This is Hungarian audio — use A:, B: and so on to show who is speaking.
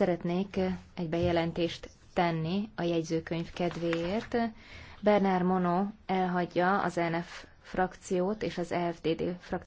A: Szeretnék egy bejelentést tenni a jegyzőkönyv kedvéért. Bernard Mono elhagyja az NF frakciót és az e FDD frakciót.